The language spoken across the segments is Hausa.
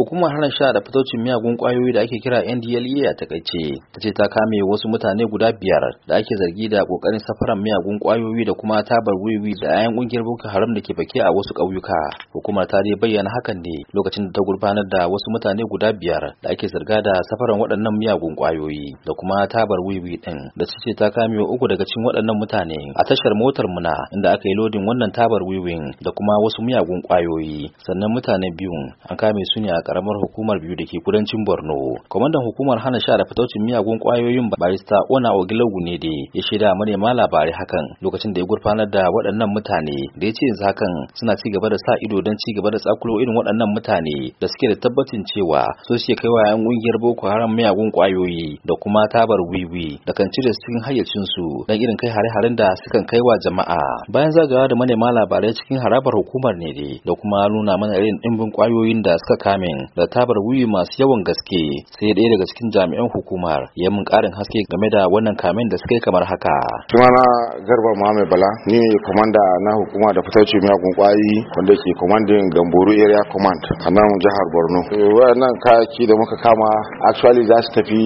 hukumar hana sha da fitocin miyagun kwayoyi da ake kira ndla e a takaice ta ce ta kame wasu mutane guda biyar da ake zargi da kokarin safaran miyagun kwayoyi da kuma tabar wiwi da 'ya'yan kungiyar boko haram da ke fake a wasu ƙauyuka hukumar ta dai bayyana hakan ne lokacin da ta gurfanar da wasu mutane guda biyar da ake zarga da safaran waɗannan miyagun kwayoyi da kuma tabar wiwi din da ta ce ta kame uku daga cikin waɗannan mutane a tashar motar muna inda aka yi lodin wannan tabar wiwin da kuma wasu miyagun kwayoyi sannan mutane biyu an kame su ne a karamar hukumar biyu da ke kudancin Borno. Kwamandan hukumar hana sha da fitaucin miyagun kwayoyin barista Ona Ogilogu ne da ya shaida manema labarai hakan lokacin da ya gurfanar da waɗannan mutane da ya ce yanzu hakan suna ci gaba da sa ido don ci gaba da tsakulo irin waɗannan mutane da suke da tabbacin cewa su suke kai wa 'yan ƙungiyar Boko Haram miyagun kwayoyi da kuma tabar wiwi da kan cire su cikin hayyacinsu don irin kai hare-haren da sukan kai wa jama'a. Bayan zagawa da manema labarai cikin harabar hukumar ne da kuma nuna mana irin ɗimbin kwayoyin da suka kame da tabar wuyi masu yawan gaske sai ɗaya daga cikin jami'an hukumar ya mun ƙarin haske game da wannan kamen da suke kamar haka. Sunana Garba Muhammad Bala ni ne komanda na hukuma da fitauci miyagun kwayi wanda ke komandin Gamboru Area Command a nan jihar Borno. Eh, wannan kayaki da muka kama actually za su tafi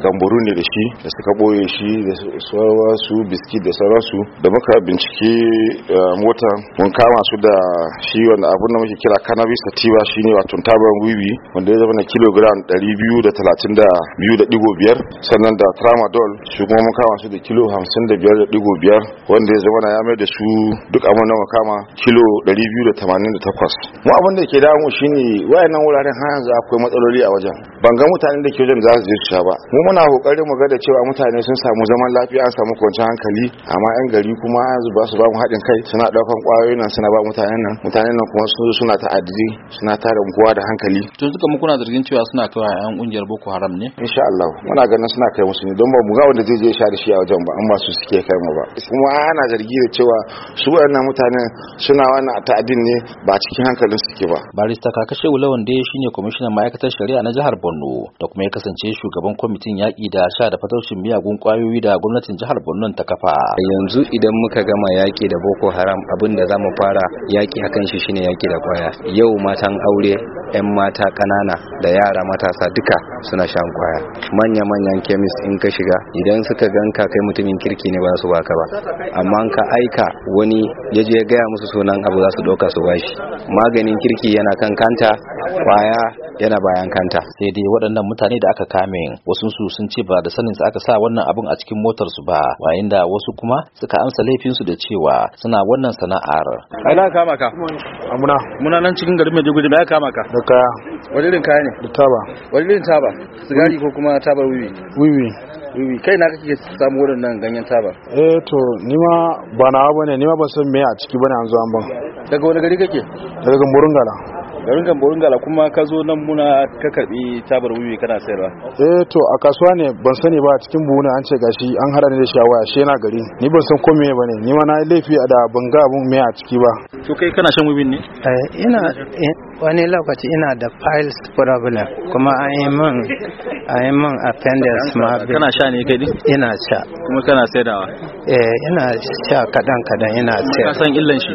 Gamboru ne da shi da suka ɓoye shi da sauransu biskit da sauransu da muka bincike eh, mota. mun kama su da shi wanda abun da muke kira cannabis shi ne wato taban wiwi wanda ya zama na kilogram 232.5 sannan da tramadol shi kuma makama su da kilo 55.5 wanda ya zama na ya mai da su duk amma na makama kilo 288 mu abin da ke damu shine wayannan wuraren har yanzu akwai matsaloli a wajen ban ga mutanen da ke wajen za su je su sha ba mu muna kokarin mu ga da cewa mutane sun samu zaman lafiya an samu kwanciyar hankali amma yan gari kuma yanzu ba su ba mu haɗin kai suna ɗaukan ƙwayoyin nan suna ba mutanen nan mutanen nan kuma sun suna addini suna da kowa da hankali to duka mu kuna zargin cewa suna kai yan ƙungiyar Boko Haram ne insha Allah muna ganin suna kai musu ne don ba mu ga wanda zai je sha da shi a wajen ba an ba su suke kai mu ba kuma ana zargi da cewa su waɗannan mutanen suna wannan ta'addin ne ba cikin hankalin suke ba barista kakashe wulawan da shine kwamishinan ma'aikatar shari'a na jihar Borno borno da kuma ya kasance shugaban kwamitin yaƙi da sha da fataucin miyagun ƙwayoyi da gwamnatin jihar borno ta kafa yanzu idan muka gama yaƙi da boko haram abin da za mu fara yaƙi akan shi shine yaƙi da ƙwaya yau matan aure 'yan mata ƙanana da yara matasa duka suna shan kwaya manya manyan kemis in ka shiga idan suka ganka kai mutumin kirki ne ba su baka ba amma ka aika wani ya je gaya musu sunan abu za su ɗauka su bashi maganin kirki yana kan kanta kwaya yana bayan kanta sai dai waɗannan mutane da aka kame wasu su sun ce ba da sanin su aka sa wannan abun a cikin motar su ba wayin da wasu kuma suka amsa laifin su da cewa suna wannan sana'ar ai na kama ka amuna muna nan cikin garin Maiduguri me ya kama ka da kaya wani irin kaya ne da taba wani irin taba sigari ko kuma taba wiwi wiwi wiwi kai na kake samu waɗannan ganyen taba eh to nima ba na ba ne nima ba san me a ciki bane an an ban daga wani gari kake daga gamburungala garin burungala kuma ka zo nan muna ka karbi tabar wiwi kana sayarwa eh to a kasuwa ne ban sani ba cikin buhu an ce gashi an hada ne da shawaya shi yana gari ni ban san komai ba ne ni ma na laifi a da ban ga abun me a ciki ba to kai kana shan wiwi ne eh ina eh, wani lokaci ina da files problem kuma a yi yi appendix ma kana sha ne kai ina sha kuma kana saidawa eh ina sha kadan kadan ina sai kasan illan shi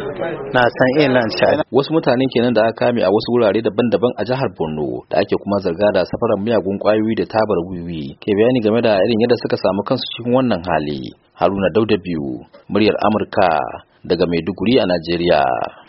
na san illan sha wasu mutane kenan da aka kame a wasu wurare daban-daban a jihar Borno da ake kuma zarga da safaran miyagun kwayoyi da tabar wiwi ke bayani game da irin yadda suka samu kansu cikin wannan hali Haruna Dauda biyu muryar Amurka daga Maiduguri a Najeriya